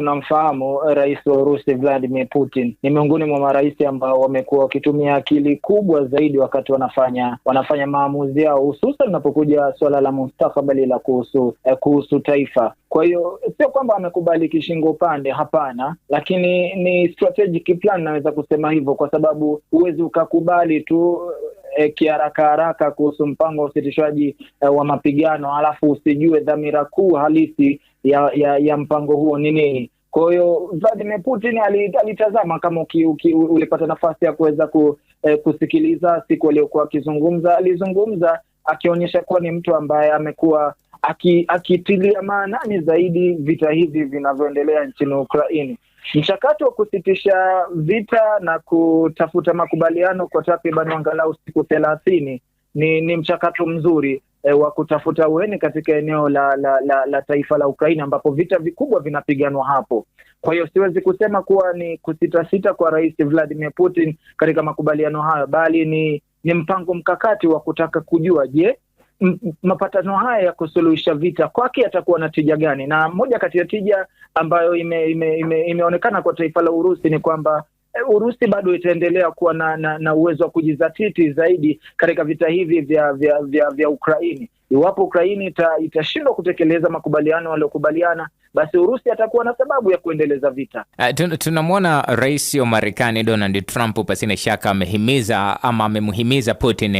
tunamfahamu eh, rais wa Urusi Vladimir Putin ni miongoni mwa marais ambao wamekuwa wakitumia akili kubwa zaidi wakati wanafanya wanafanya maamuzi yao, hususan linapokuja suala la mustakabali la kuhusu eh, kuhusu taifa. Kwa hiyo sio kwamba amekubali kishingo upande, hapana, lakini ni strategic plan, naweza kusema hivyo, kwa sababu huwezi ukakubali tu e, kiharaka haraka kuhusu mpango wa usitishwaji e, eh, wa mapigano, alafu usijue dhamira kuu halisi ya, ya, ya mpango huo ni nini. Kwa hiyo Vladimir Putin alitazama kama ulipata nafasi ya kuweza ku, eh, kusikiliza siku aliyokuwa akizungumza, alizungumza akionyesha kuwa ni mtu ambaye amekuwa akitilia aki maanani zaidi vita hivi vinavyoendelea nchini Ukraini. Mchakato wa kusitisha vita na kutafuta makubaliano kwa takriban angalau siku thelathini ni, ni mchakato mzuri e, wa kutafuta ueni katika eneo la, la, la, la taifa la ukraini ambapo vita vikubwa vinapiganwa hapo. Kwa hiyo siwezi kusema kuwa ni kusitasita kwa Rais Vladimir Putin katika makubaliano hayo, bali ni, ni mpango mkakati wa kutaka kujua je mapatano haya ya kusuluhisha vita kwake yatakuwa na tija gani? Na moja kati ya tija ambayo imeonekana ime, ime, ime kwa taifa la Urusi ni kwamba eh, Urusi bado itaendelea kuwa na, na, na uwezo wa kujizatiti zaidi katika vita hivi vya vya vya, vya Ukraini Iwapo Ukraini ita, itashindwa kutekeleza makubaliano waliokubaliana, basi Urusi atakuwa na sababu ya kuendeleza vita. Uh, tunamwona rais wa Marekani Donald Trump pasina shaka amehimiza ama amemhimiza Putin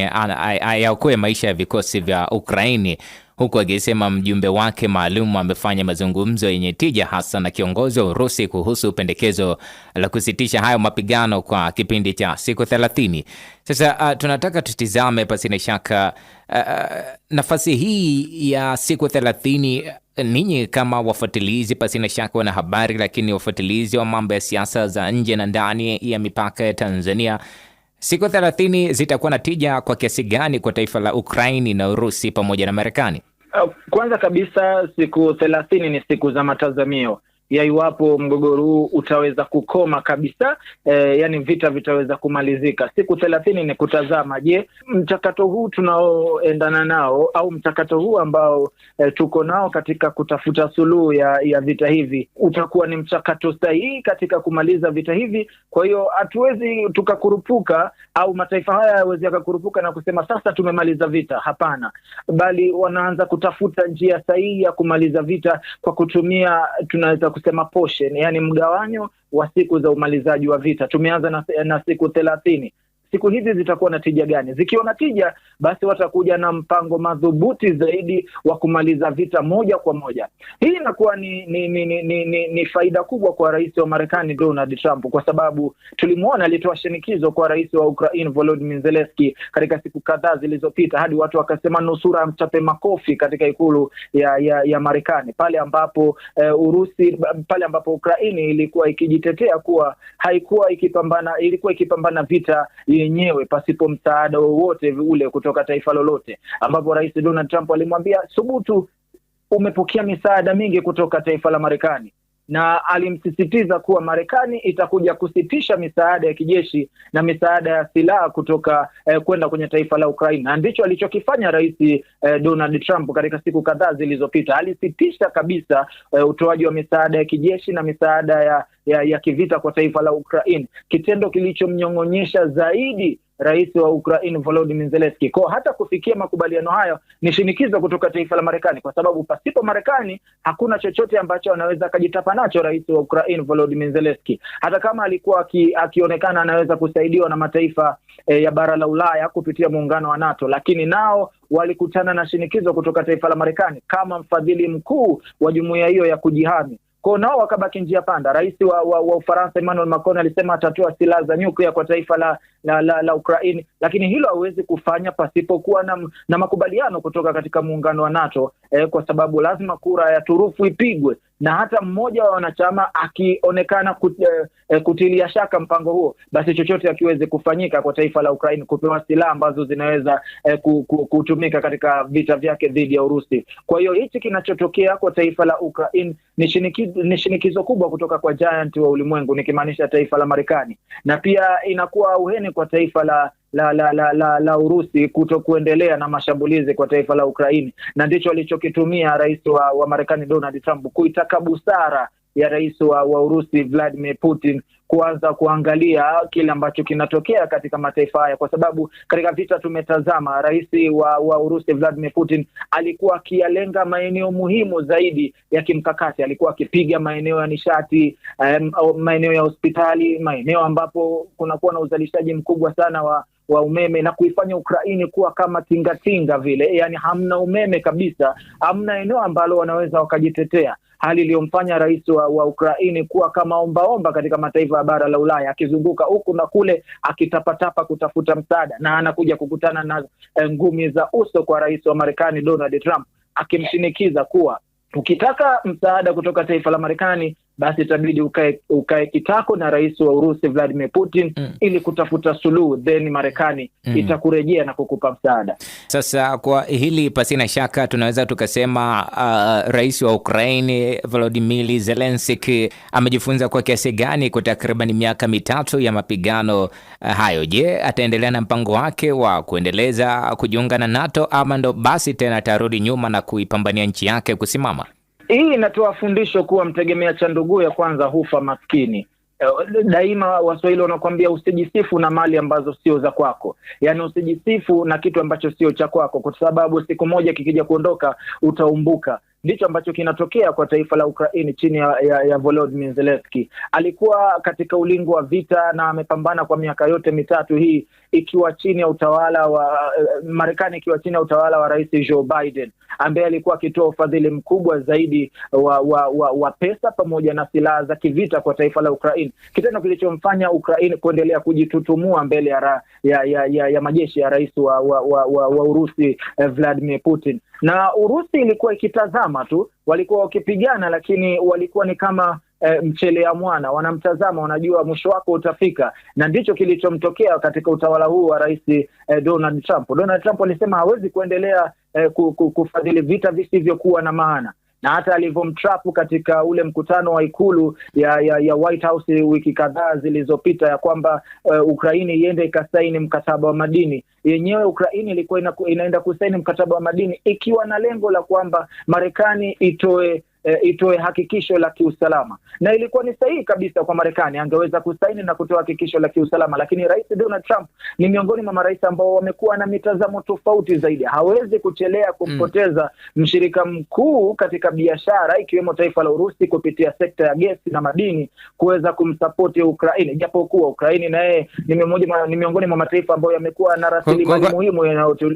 ayaokoe maisha ya vikosi vya Ukraini huku akisema mjumbe wake maalum amefanya mazungumzo yenye tija hasa na kiongozi wa Urusi kuhusu pendekezo la kusitisha hayo mapigano kwa kipindi cha siku 30. Sasa uh, tunataka tutizame pasi na shaka uh, nafasi hii ya siku 30 uh, ninyi kama wafuatilizi pasi na shaka wana habari, lakini wafuatilizi wa mambo ya siasa za nje na ndani ya mipaka ya Tanzania, siku 30 zitakuwa na tija kwa kiasi gani kwa taifa la Ukraini na Urusi pamoja na Marekani? Eh, kwanza kabisa siku thelathini ni siku za matazamio ya iwapo mgogoro huu utaweza kukoma kabisa, e, yani vita vitaweza kumalizika. Siku thelathini ni kutazama, je, mchakato huu tunaoendana nao au mchakato huu ambao e, tuko nao katika kutafuta suluhu ya, ya vita hivi utakuwa ni mchakato sahihi katika kumaliza vita hivi? Kwa hiyo hatuwezi tukakurupuka au mataifa haya yawezi yakakurupuka na kusema sasa tumemaliza vita. Hapana, bali wanaanza kutafuta njia sahihi ya kumaliza vita kwa kutumia tunaweza kusema portion, yani mgawanyo wa siku za umalizaji wa vita. Tumeanza na, na siku thelathini siku hizi zitakuwa na tija gani? Zikiwa na tija, basi watakuja na mpango madhubuti zaidi wa kumaliza vita moja kwa moja. Hii inakuwa ni ni, ni, ni, ni ni faida kubwa kwa rais wa Marekani Donald Trump, kwa sababu tulimwona alitoa shinikizo kwa rais wa Ukraine Volodymyr Zelensky katika siku kadhaa zilizopita, hadi watu wakasema nusura amchape makofi katika ikulu ya ya, ya Marekani pale ambapo eh, Urusi pale ambapo Ukraini ilikuwa ikijitetea kuwa haikuwa ikipambana ilikuwa ikipambana vita yenyewe pasipo msaada wowote ule kutoka taifa lolote, ambapo Rais Donald Trump alimwambia, subutu umepokea misaada mingi kutoka taifa la Marekani, na alimsisitiza kuwa Marekani itakuja kusitisha misaada ya kijeshi na misaada ya silaha kutoka eh, kwenda kwenye taifa la Ukraina. Ndicho alichokifanya Rais eh, Donald Trump katika siku kadhaa zilizopita, alisitisha kabisa eh, utoaji wa misaada ya kijeshi na misaada ya, ya, ya kivita kwa taifa la ukrain kitendo kilichomnyong'onyesha zaidi rais wa ukrain Volodymyr Zelensky. Kwa hata kufikia makubaliano hayo ni shinikizo kutoka taifa la Marekani, kwa sababu pasipo Marekani hakuna chochote ambacho anaweza akajitapa nacho rais wa ukrain Volodymyr Zelensky, hata kama alikuwa aki, akionekana anaweza kusaidiwa na mataifa e, ya bara la Ulaya kupitia muungano wa NATO, lakini nao walikutana na shinikizo kutoka taifa la Marekani kama mfadhili mkuu wa jumuiya hiyo ya kujihami kwao, nao wakabaki njia panda. Rais wa, wa, wa Ufaransa Emmanuel Macron alisema atatoa silaha za nyuklia kwa taifa la la, la, la Ukraini, lakini hilo hawezi kufanya pasipokuwa na, na makubaliano kutoka katika muungano wa NATO eh, kwa sababu lazima kura ya turufu ipigwe na hata mmoja wa wanachama akionekana eh, eh, kutilia shaka mpango huo, basi chochote akiweze kufanyika kwa taifa la Ukraini kupewa silaha ambazo zinaweza eh, kutumika katika vita vyake dhidi ya Urusi. Kwa hiyo hichi kinachotokea kwa taifa la ukrain ni shinikizo, ni shinikizo kubwa kutoka kwa giant wa ulimwengu, nikimaanisha taifa la Marekani, na pia inakuwa auheni kwa taifa la la la la, la, la Urusi kuto kuendelea na mashambulizi kwa taifa la Ukraini, na ndicho alichokitumia rais wa, wa Marekani Donald Trump kuitaka busara ya rais wa, wa Urusi Vladimir Putin kuanza kuangalia kile ambacho kinatokea katika mataifa haya, kwa sababu katika vita tumetazama rais wa, wa Urusi Vladimir Putin alikuwa akiyalenga maeneo muhimu zaidi ya kimkakati. Alikuwa akipiga maeneo ya nishati, um, maeneo ya hospitali, maeneo ambapo kunakuwa na uzalishaji mkubwa sana wa wa umeme na kuifanya Ukraini kuwa kama tingatinga vile, yaani hamna umeme kabisa, hamna eneo ambalo wanaweza wakajitetea, hali iliyomfanya rais wa, wa Ukraini kuwa kama ombaomba katika mataifa ya bara la Ulaya, akizunguka huku na kule akitapatapa kutafuta msaada, na anakuja kukutana na eh, ngumi za uso kwa rais wa Marekani Donald Trump akimshinikiza kuwa ukitaka msaada kutoka taifa la Marekani basi itabidi ukae, ukae kitako na rais wa Urusi Vladimir Putin mm. ili kutafuta suluhu, then Marekani mm. itakurejea na kukupa msaada. Sasa kwa hili pasina shaka tunaweza tukasema uh, rais wa Ukraini volodimir Zelensky amejifunza kwa kiasi gani kwa takriban miaka mitatu ya mapigano uh, hayo? Je, ataendelea na mpango wake wa kuendeleza kujiunga na NATO ama ndo basi tena atarudi nyuma na kuipambania nchi yake kusimama? Hii inatoa fundisho kuwa mtegemea cha ya kwanza hufa maskini. Eh, daima Waswahili wanakuambia usijisifu na mali ambazo sio za kwako, yaani usijisifu na kitu ambacho sio cha kwako, kwa sababu siku moja kikija kuondoka utaumbuka ndicho ambacho kinatokea kwa taifa la Ukraini chini ya, ya, ya Volodymyr Zelensky. Alikuwa katika ulingo wa vita na amepambana kwa miaka yote mitatu hii ikiwa chini ya utawala wa eh, Marekani, ikiwa chini ya utawala wa Rais Joe Biden ambaye alikuwa akitoa ufadhili mkubwa zaidi wa, wa, wa, wa pesa pamoja na silaha za kivita kwa taifa la Ukraini, kitendo kilichomfanya ukrain kuendelea kujitutumua mbele ya, ra, ya, ya, ya, ya majeshi ya rais wa, wa, wa, wa, wa Urusi eh, Vladimir Putin na Urusi ilikuwa ikitazama tu, walikuwa wakipigana, lakini walikuwa ni kama E, eh, mchelea mwana wanamtazama, wanajua mwisho wako utafika, na ndicho kilichomtokea katika utawala huu wa rais e, Donald Trump. Donald Trump alisema hawezi kuendelea e, kufadhili vita visivyokuwa na maana na hata alivyomtrapu katika ule mkutano wa ikulu ya, ya, ya White House wiki kadhaa zilizopita ya kwamba uh, Ukraini iende ikasaini mkataba wa madini yenyewe Ukraini ilikuwa inaenda kusaini mkataba wa madini ikiwa na lengo la kwamba Marekani itoe e, itoe hakikisho la kiusalama, na ilikuwa ni sahihi kabisa kwa Marekani, angeweza kusaini na kutoa hakikisho la kiusalama, lakini Rais Donald Trump ni miongoni mwa marais ambao wamekuwa na mitazamo tofauti zaidi. Hawezi kuchelea kumpoteza mm. mshirika mkuu katika biashara, ikiwemo taifa la Urusi kupitia sekta ya gesi na madini, kuweza kumsapoti Ukraini, japokuwa Ukraini naye ni miongoni mwa mataifa ambayo yamekuwa na rasilimali muhimu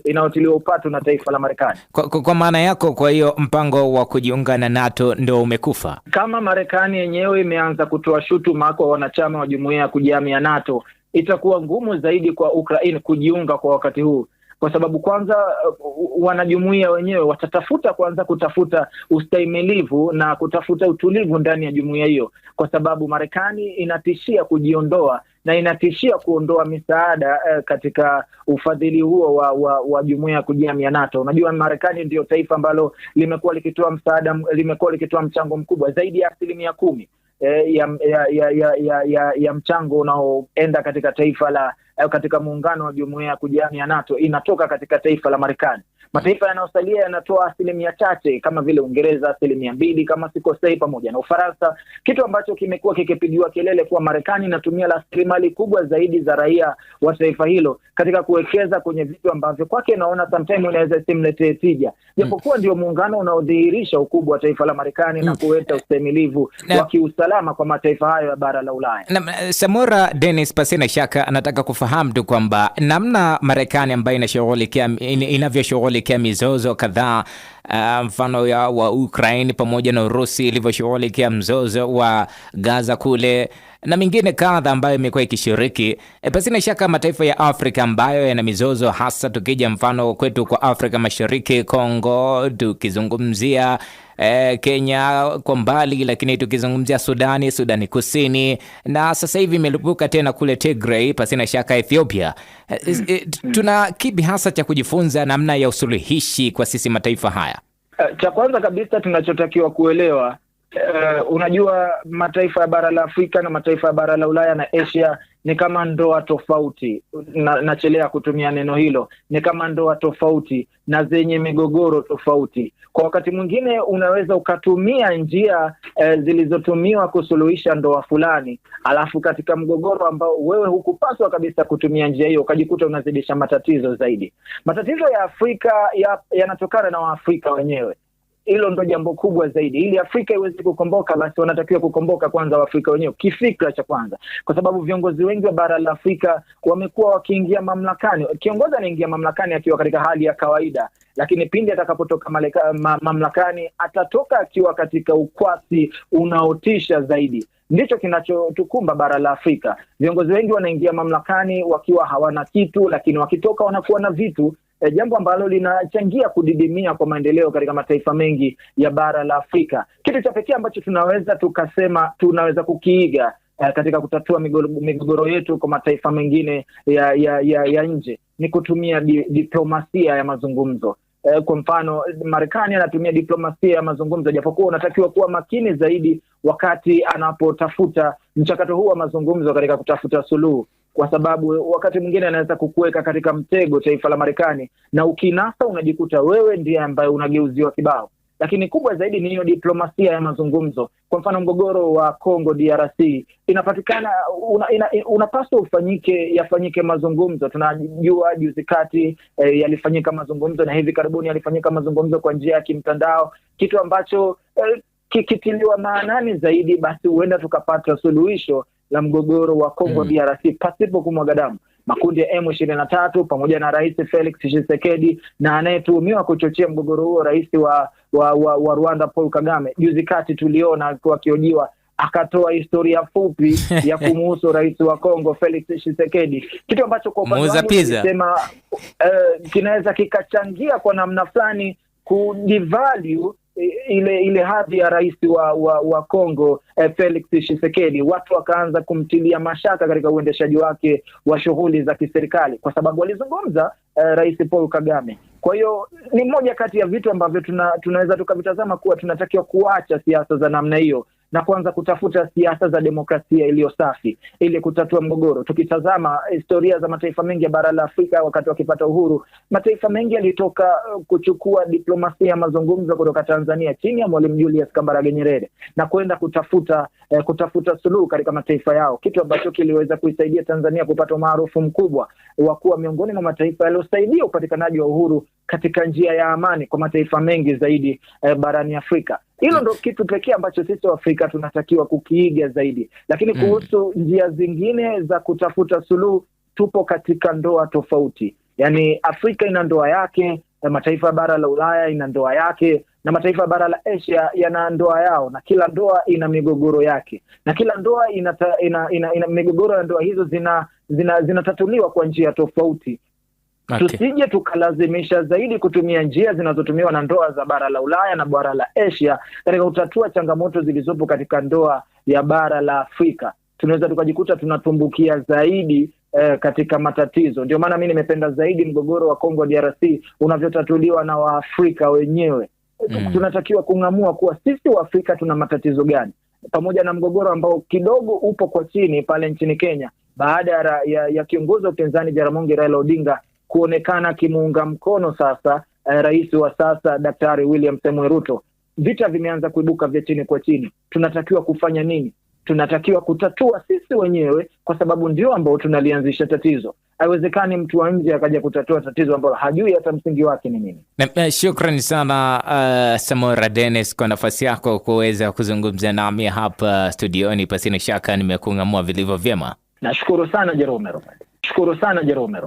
inayotiliwa upatu na taifa la Marekani. Kwa, kwa, kwa maana yako, kwa hiyo mpango wa kujiunga na NATO mchakato ndo umekufa. Kama Marekani yenyewe imeanza kutoa shutuma kwa wanachama wa jumuiya ya ya NATO, itakuwa ngumu zaidi kwa Ukraine kujiunga kwa wakati huu kwa sababu kwanza uh, wanajumuiya wenyewe watatafuta kwanza kutafuta ustahimilivu na kutafuta utulivu ndani ya jumuiya hiyo, kwa sababu Marekani inatishia kujiondoa na inatishia kuondoa misaada eh, katika ufadhili huo wa, wa, wa jumuiya ya kujihami ya NATO. Unajua, Marekani ndio taifa ambalo limekuwa likitoa msaada, limekuwa likitoa mchango mkubwa zaidi ya asilimia kumi eh, ya, ya, ya, ya, ya, ya ya mchango unaoenda katika taifa la eh, katika muungano wa jumuia ya kujiami ya NATO inatoka katika taifa la Marekani. Mataifa yanayosalia yanatoa asilimia chache kama vile Uingereza asilimia mbili kama sikosei, pamoja na Ufaransa, kitu ambacho kimekuwa kikipigiwa kelele kuwa Marekani inatumia rasilimali kubwa zaidi za raia wa taifa hilo katika kuwekeza kwenye vitu ambavyo kwake naona sometimes inaweza simletee tija, mm. japokuwa mm. ndio muungano unaodhihirisha ukubwa wa taifa la Marekani mm. na kuweta ustahimilivu wa kiusalama usalama kwa mataifa hayo ya bara la Ulaya. Na eh, Samora Dennis, pasina shaka, anataka kufahamu tu kwamba namna Marekani ambayo inashughulikia inavyoshughulikia mizozo kadhaa uh, mfano ya wa Ukraine pamoja na Urusi ilivyoshughulikia mzozo wa Gaza kule na mingine kadha ambayo imekuwa ikishiriki e, pasina shaka mataifa ya Afrika ambayo yana mizozo, hasa tukija mfano kwetu kwa Afrika Mashariki, Kongo, tukizungumzia e, Kenya kwa mbali, lakini tukizungumzia Sudani, Sudani Kusini na sasa hivi imelipuka tena kule Tigray, pasina shaka Ethiopia. E, e, tuna kipi hasa cha kujifunza namna ya usuluhishi kwa sisi mataifa haya? Eh, cha kwanza kabisa tunachotakiwa kuelewa uh, unajua mataifa ya bara la Afrika na mataifa ya bara la Ulaya na Asia ni kama ndoa tofauti na, nachelea kutumia neno hilo, ni kama ndoa tofauti na zenye migogoro tofauti. Kwa wakati mwingine unaweza ukatumia njia eh, zilizotumiwa kusuluhisha ndoa fulani, alafu katika mgogoro ambao wewe hukupaswa kabisa kutumia njia hiyo, ukajikuta unazidisha matatizo zaidi. Matatizo ya Afrika yanatokana ya na Waafrika wenyewe hilo ndo jambo kubwa zaidi. Ili Afrika iweze kukomboka, basi wanatakiwa kukomboka kwanza Waafrika wenyewe kifikra, cha kwanza, kwa sababu viongozi wengi wa bara la Afrika wamekuwa wakiingia mamlakani. Kiongozi anaingia mamlakani akiwa katika hali ya kawaida, lakini pindi atakapotoka ma, mamlakani atatoka akiwa katika ukwasi unaotisha zaidi. Ndicho kinachotukumba bara la Afrika. Viongozi wengi wanaingia mamlakani wakiwa hawana kitu, lakini wakitoka wanakuwa na vitu e, jambo ambalo linachangia kudidimia kwa maendeleo katika mataifa mengi ya bara la Afrika. Kitu cha pekee ambacho tunaweza tukasema tunaweza kukiiga e, katika kutatua migogoro yetu kwa mataifa mengine ya, ya, ya, ya nje ni kutumia di, diplomasia ya mazungumzo. Eh, kwa mfano Marekani anatumia diplomasia ya mazungumzo, japokuwa unatakiwa kuwa makini zaidi wakati anapotafuta mchakato huu wa mazungumzo katika kutafuta suluhu, kwa sababu wakati mwingine anaweza kukuweka katika mtego taifa la Marekani, na ukinasa unajikuta wewe ndiye ambaye unageuziwa kibao. Lakini kubwa zaidi ni hiyo diplomasia ya mazungumzo. Kwa mfano, mgogoro wa Congo DRC inapatikana una, ina, unapaswa ufanyike yafanyike mazungumzo. Tunajua juzi kati eh, yalifanyika mazungumzo na hivi karibuni yalifanyika mazungumzo kwa njia ya kimtandao, kitu ambacho eh, kikitiliwa maanani zaidi, basi huenda tukapata suluhisho la mgogoro wa Kongo mm. DRC pasipo kumwaga damu. Makundi ya M23 pamoja na Rais Felix Tshisekedi na anayetuhumiwa kuchochea mgogoro huo rais wa, wa, wa, wa Rwanda Paul Kagame, juzi kati tuliona akihojiwa akatoa historia fupi ya kumuhusu rais wa Kongo Felix Tshisekedi, kitu ambacho kwa upande uh, kinaweza kikachangia kwa namna fulani kudivalue ile ile hadhi ya rais wa wa, wa Kongo eh, Felix Tshisekedi, watu wakaanza kumtilia mashaka katika uendeshaji wake wa shughuli za kiserikali kwa sababu alizungumza eh, Rais Paul Kagame. Kwa hiyo ni moja kati ya vitu ambavyo tuna, tunaweza tukavitazama kuwa tunatakiwa kuacha siasa za namna hiyo na kuanza kutafuta siasa za demokrasia iliyo safi ili kutatua mgogoro. Tukitazama eh, historia za mataifa mengi ya bara la Afrika wakati wakipata uhuru, mataifa mengi yalitoka eh, kuchukua diplomasia ya mazungumzo kutoka Tanzania chini ya Mwalimu Julius Kambarage Nyerere na kwenda kutafuta eh, kutafuta suluhu katika mataifa yao, kitu ambacho kiliweza kuisaidia Tanzania kupata umaarufu mkubwa wa kuwa miongoni mwa mataifa yaliyosaidia upatikanaji wa uhuru katika njia ya amani kwa mataifa mengi zaidi eh, barani Afrika. Hilo ndo kitu pekee ambacho sisi Waafrika tunatakiwa kukiiga zaidi, lakini mm. kuhusu mm, njia zingine za kutafuta suluhu, tupo katika ndoa tofauti. Yani Afrika ina ndoa yake, mataifa ya bara la Ulaya ina ndoa yake na mataifa ya bara la Asia yana ndoa yao, na kila ndoa ina migogoro yake, na kila ndoa ina, ina, ina, ina migogoro ya ndoa hizo zinatatuliwa zina, zina kwa njia tofauti okay. Tusije tukalazimisha zaidi kutumia njia zinazotumiwa na ndoa za bara la Ulaya na bara la Asia katika kutatua changamoto zilizopo katika ndoa ya bara la Afrika. Tunaweza tukajikuta tunatumbukia zaidi eh, katika matatizo. Ndio maana mi nimependa zaidi mgogoro wa Congo DRC unavyotatuliwa na Waafrika wenyewe. Mm. Tunatakiwa kung'amua kuwa sisi Waafrika tuna matatizo gani, pamoja na mgogoro ambao kidogo upo kwa chini pale nchini Kenya baada ya, ya kiongozi wa upinzani Jaramogi Raila Odinga kuonekana akimuunga mkono sasa eh, rais wa sasa Daktari William Samuel Ruto. Vita vimeanza kuibuka vya chini kwa chini. Tunatakiwa kufanya nini? Tunatakiwa kutatua sisi wenyewe, kwa sababu ndio ambao tunalianzisha tatizo. Haiwezekani mtu wa nje akaja kutatua tatizo ambalo hajui hata msingi wake ni nini. Na eh, shukrani sana uh, eh, Samora Dennis kwa nafasi yako kuweza kuzungumza nami hapa studioni. Pasina shaka nimekung'amua vilivyo vyema. Nashukuru sana Jerome shukuru sana Jerome